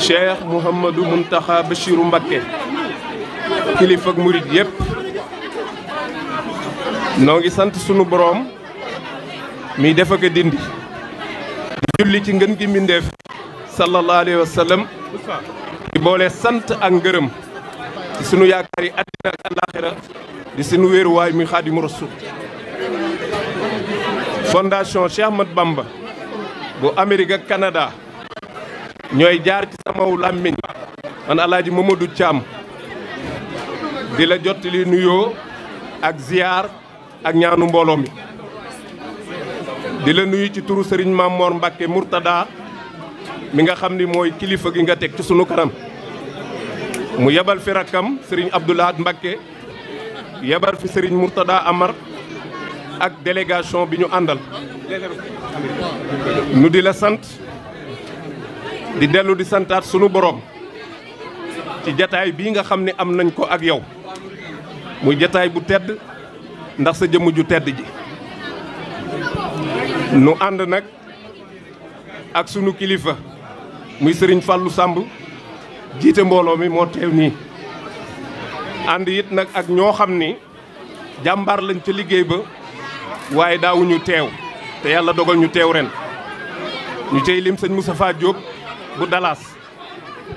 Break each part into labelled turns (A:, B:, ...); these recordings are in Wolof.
A: cheikh mouhamadou muntaxa bachiru mbakke kilifa ak murit yépp noo ngi sant sunu boroom mi def ak dindi di julli ci ngën gi mbindeef sallallahu di boole sant ak ngërëm ci sunu yaakaar yi àddina ak àllaaxira di sunu wéeruwaay muy xaadimu rasul fondation Cheikh Ahmad Bamba bu Amérique ak ñooy jaar ci samaw làmmiñ man alaaji Mamadou Thiam di la jot li nuyoo ak ziyaar ak ñaanu mbooloo mi di la nuyu ci turu sëriñ Mamor Mbacke Mourtada mi nga xam ni mooy kilifa gi nga teg ci sunu kanam mu yebal fi rakkam sëriñ Abdoulaye Mbacke yebal fi sëriñ Mourtada Amar ak délégation bi ñu àndal nu di sant di dellu di santaat sunu borom ci jataay bii nga xam ni am nañ ko ak yow muy jataay bu tedd ndax sa jëmm ju tedd ji nu ànd nag ak sunu kilifa muy sëriñ Fallou Samb jiite mbooloo mi moo teew nii ànd yit nag ak ñoo xam ni jàmbaar lañ ca liggéey ba waaye daawuñu teew te yàlla dogal ñu teew ren ñu cey lim sëñ Moustapha Diop bu dalaas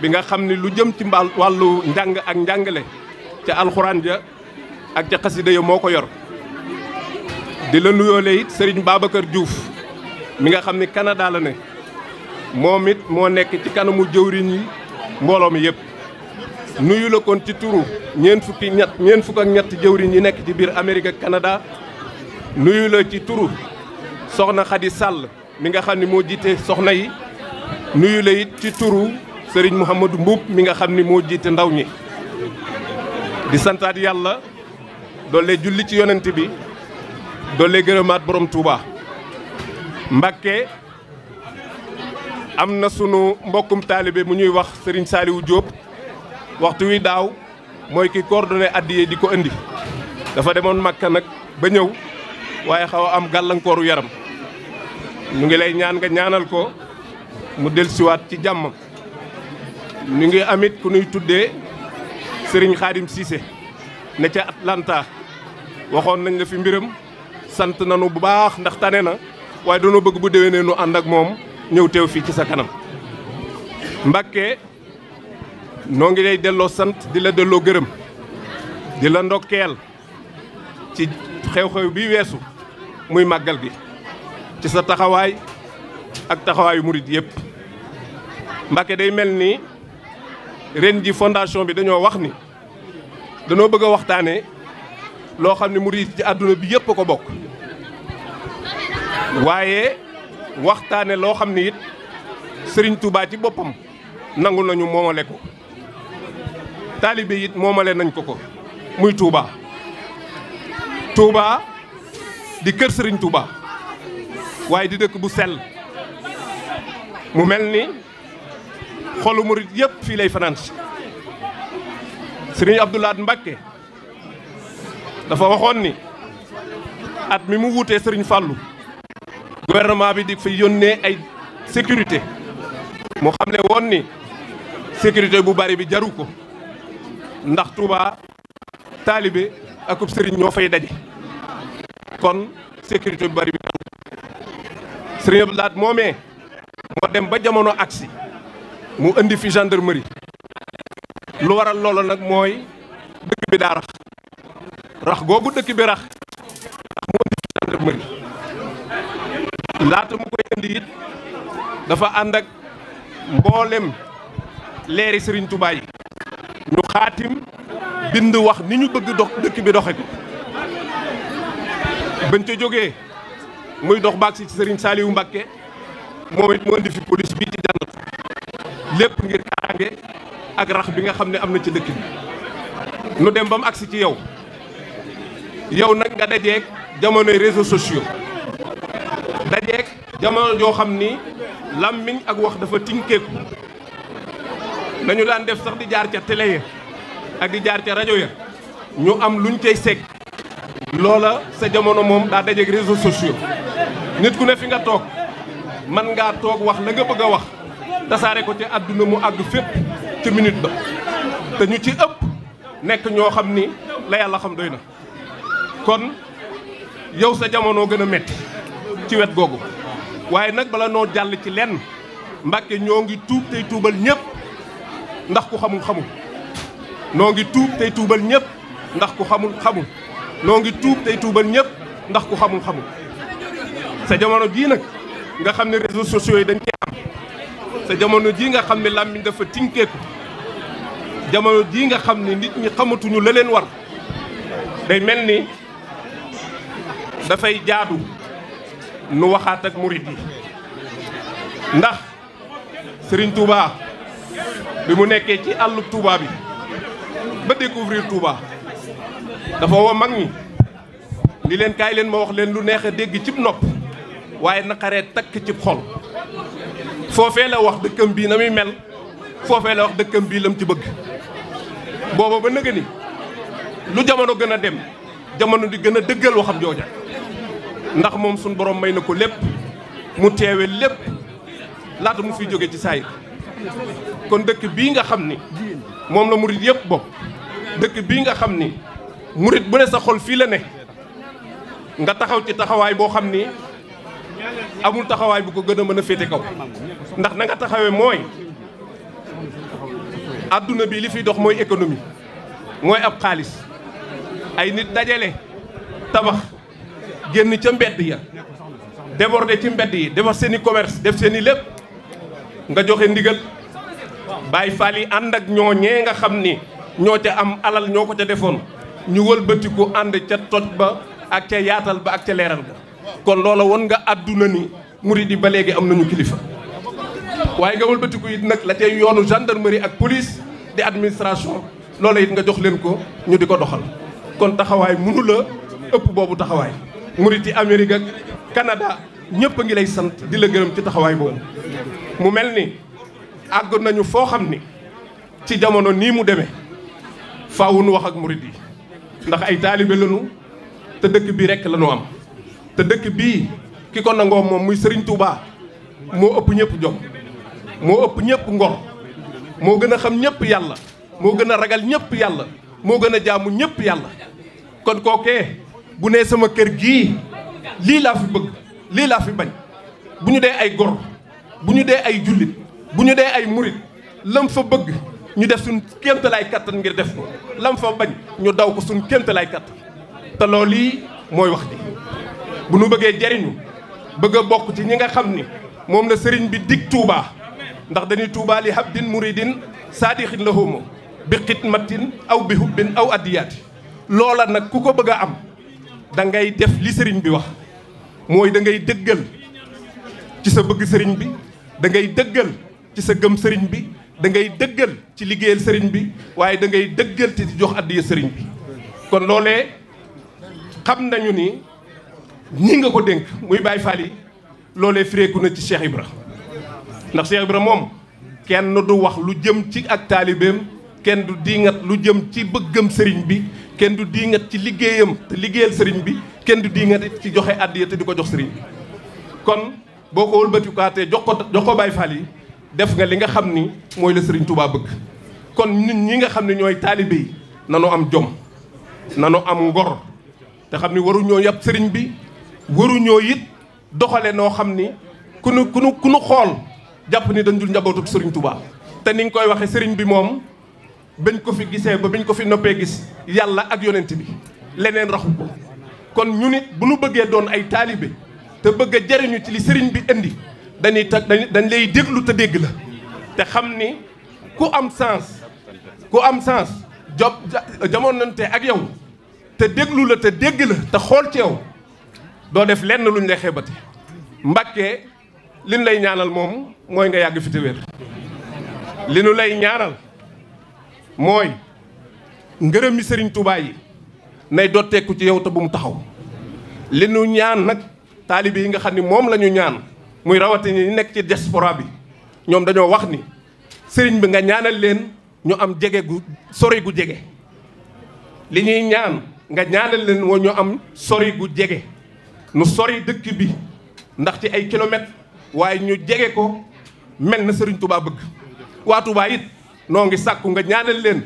A: bi nga xam ni lu jëm ci mbaal wàllu njàng ak njàngale ca alxuraan ja ak ca xasida ya moo ko yor di la nuyoole sëriñ baaba kër Diouf mi nga xam ni Canada la ne moom moo nekk ci kanamu jëwriñ yi mbooloo mi yëpp nuyu la kon ci turu ñeent fukki ñett ñeent fukk ak ñett jëwriñ yi nekk ci biir Amérique ak Canada nuyu ci turu soxna Khady Sall mi nga xam ni moo jiite soxna yi nuyu la ci turu sëriñ Mouhamadou Mbuub mi nga xam ni moo jiite ndaw ñi di santaat yàlla doole julli ci yonent bi doole gërëmaat borom Touba. mbakke am na sunu mbokkum taalibe mu ñuy wax sëriñ Saliou jóob waxtu wi daaw mooy ki coordonné addiye di ko indi dafa demoon Makka nag ba ñëw waaye xaw a am gàllankooru yaram ñu ngi lay ñaan nga ñaanal ko. mu dellusiwaat ci jàmm ñu ngi amit ku nuy tuddee sëriñ Xaadim Cissé ne ca Atlanta waxoon nañ la fi mbiram sant nañu bu baax ndax tane na waaye dañoo bëgg bu déwénee nu ànd ak moom ñëw teew fii ci sa kanam Mbàkke noo ngi lay delloo sant di la delloo gërëm di la ndokkeel ci xew-xew bi weesu muy màggal gi ci sa taxawaay ak taxawaayu murit yëpp Mbàkke day mel ni ren ji fondation bi dañoo wax ni danoo bëgg a waxtaane loo xam ne murit ci àdduna bi yëpp ko bokk waaye waxtaane loo xam ne it Sëriñ Tuubaa ci boppam nangu nañu moomale ko taalibe it moomale nañ ko ko muy Tuubaa Tuubaa di kër Sëriñ Tuubaa waaye di dëkk bu sell mu mel ni xolu murit yëpp fii lay fanaan si sëriñ Abdou Lahad Mbacké dafa waxoon ni at mi mu wuutee sëriñ Fallou gouvernement bi di fa yónnee ay sécurité mu xam ne woon ni sécurité bu bari bi jaru ko ndax Touba taalibe akub sëriñ ñoo fay daje kon sécurité bu bari bi jaru ko sëriñ Abdou Lahad moomee moo dem ba jamono agsi mu indi fi gendarmerie lu waral loola nag mooy dëkk bi daa rax rax googu dëkk bi rax mu indi fi gendarmerie laata mu koy indi it dafa ànd ak mboolem leeri Serigne Touba yi ñu xaatim bind wax ni ñu bëgg dox dëkk bi doxe ko bañ ca jógee muy dox baag si Serigne Saliou Mbacké moom it moo indi fi police bii ci jànnat lépp ngir kaaraange ak rax bi nga xam ne am na ci dëkk bi nu dem ba mu agsi ci yow yow nag nga dajeeg jamonoy réseau sociaux dajeeg jamono joo xam ni làmmiñ ak wax dafa tinkeeku nañu daan def sax di jaar ca télé ya ak di jaar ca rajo ya ñu am luñ cay seeg loola sa jamono moom daa dajeeg réseaux sociaux nit ku ne fi nga toog man ngaa toog wax la nga bëgg a wax tasaare ko ci àdduna mu àgg fépp ci minute ba te ñu ci ëpp nekk ñoo xam ni la yàlla xam doy na kon yow sa jamono gën a metti ci wet googu waaye nag bala noo jàll ci lenn Mbàkke ñoo ngi tuub tey tuubal ñëpp ndax ku xamul xamul noo ngi tuub tey tuubal ñëpp ndax ku xamul xamul noo ngi tuub tey tuubal ñëpp ndax ku xamul xamul sa jamono jii nag nga xam ne réseaux sociaux yi dañ cee am sa jamono jii nga xam ne làmmiñ dafa tinkeeku jamono jii nga xam ne nit ñi xamatuñu la leen war day mel ni dafay jaadu nu waxaat ak murit yi ndax sëriñ Touba bi mu nekkee ci àll Touba bi ba découvrir tuuba dafa woo mag ñi ni leen kaay leen ma wax leen lu neex a dégg cib nopp waaye naqaree takk ci xol foofee la wax dëkkam bii na muy mel foofee la wax dëkkam bii lam ci bëgg booba ba nëga ni lu jamono gën a dem jamono di gën a dëggal waxam jooja ndax moom suñ borom may na ko lépp mu teewe lépp laata mu fiy jóge ci saay kon dëkk bii nga xam ni moom la murit yëpp bopp dëkk bii nga xam ni murit bu ne sa xol fii la ne nga taxaw ci taxawaay boo xam ni amul taxawaay bu ko gën a mën a féete kaw ndax na nga taxawee mooy àdduna bi li fiy dox mooy économie mooy ab xaalis ay nit dajale tabax génn ca mbedd ya déborder ci mbedd yi defar seen i commerce def seen i lépp nga joxe ndigal bàyyi faal yi ànd ak ñoo ñee nga xam ni ñoo ca am alal ñoo ko ca defoon ñu wëlbatiku ànd ca toj ba ak ca yaatal ba ak ca leeral ba kon loola won nga àdduna ni murid yi ba léegi am nañu kilifa waaye nga wëlbatiku it nag la tey yoonu gendarmerie ak police di administration loola it nga jox leen ko ñu di ko doxal kon taxawaay mënu la ëpp boobu taxawaay murid yi Amérique ak Canada ñëpp a ngi lay sant di la gërëm ci taxawaay boobu mu mel ni àgg nañu foo xam ni ci jamono nii mu demee faaw nu wax ak murid yi ndax ay taalibe lañu te dëkk bi rekk lañu am te dëkk bii ki ko nangoo moom muy Serigne Touba moo ëpp ñëpp jom moo ëpp ñëpp ngor moo gën a xam ñëpp yàlla moo gën a ragal ñëpp yàlla moo gën a jaamu ñëpp yàlla kon kookee bu nee sama kër gii lii laa fi bëgg lii laa fi bañ bu ñu dee ay gor bu ñu dee ay jullit bu ñu dee ay murit lam fa bëgg ñu def suñ kéemtalaay kattan ngir def ko lam fa bañ ñu daw ko suñ kéemtalaay kattan te loolu lii mooy wax ji bu nu bëggee jariñu bëgg a bokk ci ñi nga xam ni moom la sëriñ bi dig Touba ndax dañuy Touba li habdin muridin saadixin la homo bi xidmatin aw bi hubbin aw addiyaati loola nag ku ko bëgg a am da ngay def li sëriñ bi wax mooy dangay dëggal ci sa bëgg sëriñ bi da ngay dëggal ci sa gëm sëriñ bi dangay dëggal ci liggéeyal sëriñ bi waaye da ngay dëggal ci di jox addiya sëriñ bi kon loolee xam nañu ni ñi nga ko dénk muy Baye Fall yi loolee fireeku na ci Cheikh ra ndax Cheikh Ibra moom kenn du wax lu jëm ci ak taalibeem kenn du diingat lu jëm ci bëggam sëriñ bi kenn du diingat ci liggéeyam te liggéeyal sëriñ bi kenn du diingat ci joxe àddiya te di ko jox sëriñ bi kon boo ko wëlbatikaatee jox ko jox ko yi def nga li nga xam ni mooy la sëriñ tubaab bëgg kon nit ñi nga xam ne ñooy taalibe yi nanu am jom nanu am ngor te xam ni waruñoo yàpp sëriñ bi waruñoo it doxale noo xam ni ku nu ku nu ku nu xool jàpp ni dañ dul njabootu Serigne Touba. te ni koy waxee Serigne bi moom bañ ko fi gisee ba bañ ko fi noppee gis yàlla ak yonent bi leneen raxu ko kon ñu nit bu nu bëggee doon ay taalibe te bëgg a jariñu ci li Serigne bi indi dañuy ta dañ lay déglu te dégg la te xam ni ku am sens ku am sens job jamoonante ak yow te déglu la te dégg la te xool ci yow doo def lenn luñ lay xeebati Mbàkke liñ lay ñaanal moom mooy nga yàgg fi te wér li nu lay ñaanal mooy ngërëm mi sëriñ Tuubaa yi nay dotteeku ci yow bu mu taxaw li nu ñaan nag taalibe yi nga xam ni moom la ñu ñaan muy rawati ñi nekk ci diaspora bi ñoom dañoo wax ni sëriñ bi nga ñaanal leen ñu am jege gu sori gu jege li ñuy ñaan nga ñaanal leen woo ñu am sori gu jege nu sori dëkk bi ndax ci ay kilomètres waaye ñu jege ko mel na sëriñ Touba bëgg waa Touba it noo ngi sàkku nga ñaanal leen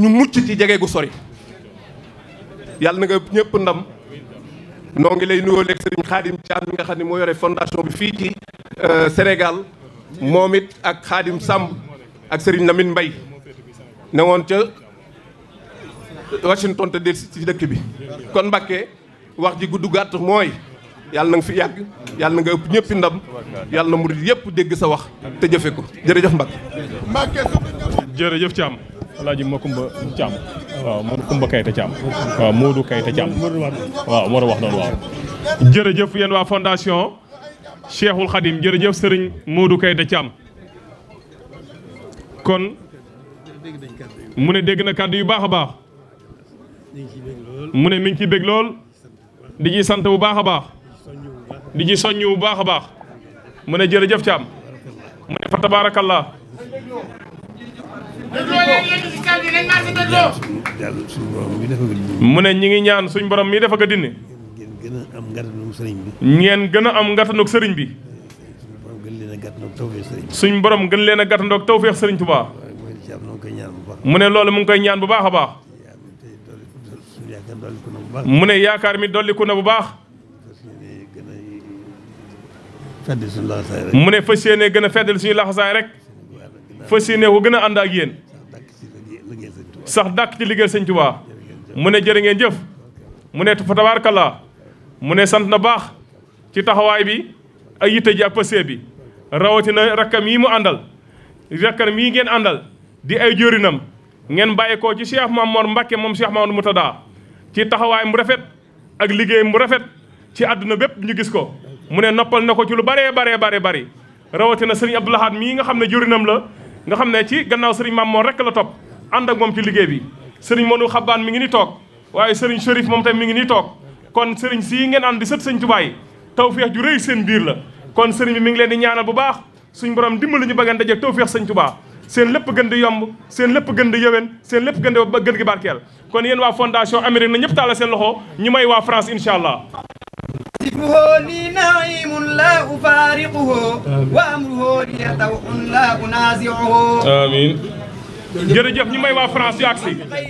A: ñu mucc ci jege gu sori yàlla na nga ñëpp ndam noo ngi lay nuyoo léegi Serigne Khadim Thiam mi nga xam ne moo yore fondation bi fii ci euh, Sénégal moom it ak Khadim Samb ak Serigne Lamine Mbaye ne ca Washington te del ci dëkk bi kon Mbacké wax ji gudd gàtt mooy yàlla na nga fi yàgg yàlla na nga ëpp ñëpp ndam yàlla na du yëpp dégg sa wax te jëfe ko jërëjëf Mbacke. Mbacke jërëjëf Thiam. alaaji Makumba Thiam waaw Modou Kumba Kayta Thiam
B: waaw Modou Kayta Thiam waaw moo wax noonu waaw. jërëjëf yéen waa fondation Cheikhul Khadim jërëjëf Serigne Modou Kayta Thiam kon mu ne dégg na kàddu yu baax a baax mu ne mi ngi bég lool. di ci sant bu baax a baax di ci soññ bu baax a baax mu ne jërëjëf Thiam mu ne fa tabaarakallaa mu ne ñi ngi ñaan suñ borom mii dafa ko dindi
A: ngeen gën a am ngatanug sëriñ bi
B: ngeen gën a am ngatanug sëriñ bi suñ borom gën leen a gàttandoog tawféex sëriñ Tuubaa mu ne loolu mu ngi koy ñaan bu baax a baax mu ne yaakaar mi dolliku na bu baax. mu ne fas yéene gën a feddal suñu laxasaay rek. fas yéene ko gën a ànd ak yéen. sax dàkk ci liggéeyal sëñ Tuubaa mu ne jër ngeen jëf. mu ne fa tabaarkalla mu ne sant na baax ci taxawaay bi ay yitte ji ak pësee bi rawatina rakkam yi mu àndal rakkam yi ngeen àndal di ay jóorinam ngeen bàyyi ko ci Cheikh Mamour Mbacke moom Cheikh Mamour Moutada ci taxawaay mu rafet ak liggéey mu rafet ci àdduna bépp ñu gis ko mu ne noppal na ko ci lu baree baree baree bari rawatina sëriñ Abdou Lahad mii nga xam ne jërinam la nga xam ne ci gannaaw sëriñ Maam Mor rek la topp ànd ak moom ci liggéey bi sëriñ Modou Xabaan mi ngi ni toog waaye sëriñ Chérif moom tam mi ngi ni toog kon sëriñ sii ngeen ànd di sët sëñ Tuubaa yi tawfeex ju rëy seen biir la kon sëriñ bi mi ngi leen di ñaanal bu baax suñ borom dimbali ñu ba ngeen daje tawfeex sëñ Tuubaa seen lépp gën di yomb seen lépp gën di yëwén seen lépp gënd di ba gën gi barkeel kon yéen waa fondation Amérique na ñëpp tàllal seen loxo ñu may waa France incha allah سفه لي نعيم لا أفارقه وأمره لي طوء لا أنازعه آمين جرجف ني ماي وا فرانس ياكسي